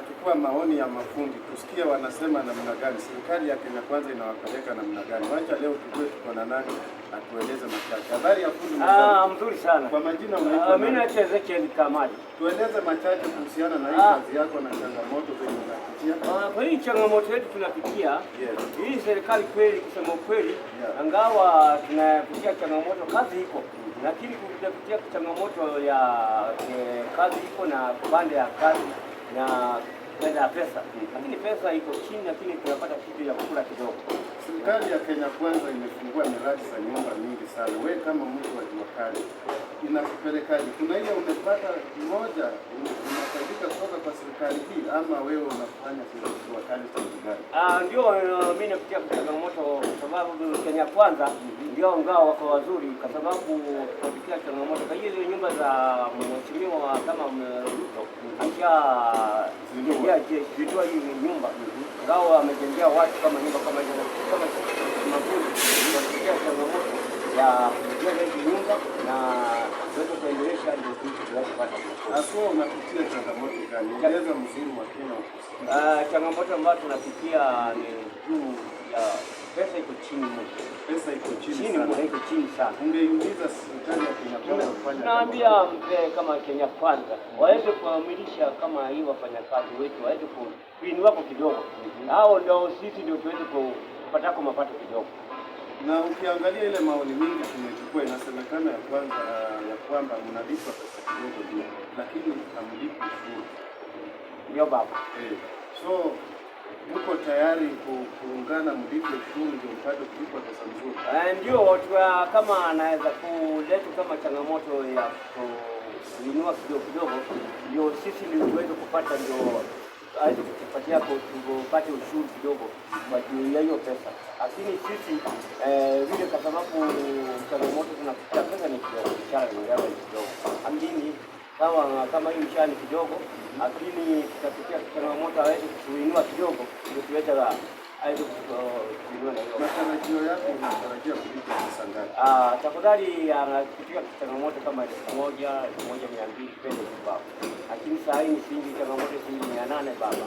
tunachukua maoni ya mafundi tusikie wanasema namna gani, serikali ya Kenya Kwanza inawapeleka namna gani. Wacha leo tujue tuko na nani atueleze machache. Habari ya fundi ah, mzuri sana. Kwa majina unaitwa? Ah, mimi naitwa Ezekiel Kamali. Tueleze machache kuhusiana na hii ah. kazi yako na changamoto zenye unapitia. Kwa hii changamoto yetu tunapitia hii Serikali kweli, kusema ukweli yeah. Angawa tunapitia changamoto, kazi iko mm-hmm. lakini kupitia changamoto ya eh, kazi iko na pande ya kazi na kwenda pesa, lakini pesa iko chini, lakini tunapata kitu ya kukula kidogo. Serikali ya Kenya Kwanza imefungua miradi za nyumba mingi sana. Wewe kama mtu wa jua kali inakupelekaje? Kuna ile umepata moja unasaidika kutoka kwa serikali hii, ama wewe unafanya jua kali tangu gani? Ah, ndio eh, mimi napitia changamoto kwa sababu Kenya Kwanza mhm. ndio ngao wako wazuri, kwa sababu tunapitia changamoto kwa hiyo sasa mheshimiwa kama Ruto akishaingia vitua hivi nyumba ngao amejengea watu kama nyumba kama kama mafundi wakifikia changamoto ya kujenga hizi nyumba na kuweza kuendelesha ndio kitu tunachopata. Sasa unapitia changamoto gani? Eleza mzuri wa kina. Ah, changamoto ambayo tunapitia ni juu ya Pesa iko chini pesa iko chini chini mbona iko chini sana. Ungeiuliza serikali ya Kenya Kwanza kufanya, naambia mpe kama Kenya Kwanza waweze kuamilisha kama hii wafanyakazi wetu waweze kuinua wako kidogo, mhm. hao ndio sisi ndio tuweze kupatako mapato kidogo. Na ukiangalia ile maoni mingi tumechukua, inasemekana ya kwanza ya kwamba mnalipwa pesa kidogo tu lakini hamlipi ushuru. Ndio baba, eh, so tayari kuungana mlivyo shughuli ndio mpate pesa nzuri. Eh, ndio kama anaweza kuleta kama changamoto ya kuinua kidogo kidogo, ndio sisi ndio tuweze kupata, ndio aweze kutupatia tupate ushuru kidogo kwa juu ya hiyo pesa, lakini sisi eh, vile, kwa sababu changamoto tunakuta pesa ni kidogo, biashara ni kidogo, amini kama kama hii mshani kidogo, lakini tutatukia changamoto aweze kuinua kidogo, ndio tuweza la aweze kuinua. Na hiyo matarajio yako unatarajia kulipa pesa ngapi? Ah, tafadhali anapitia ah, changamoto kama elfu moja elfu moja mia mbili pende kwa lakini saa hii ni shilingi changamoto shilingi 800 baba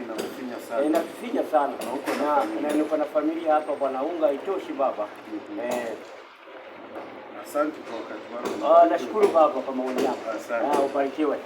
inakufinya sana eh, na niko na familia hapa, bwana, unga haitoshi baba. Mm-hmm. Eh. Asante kwa wakati wako. Ah, nashukuru baba kwa maoni yako. Asante. Ah, ubarikiwe.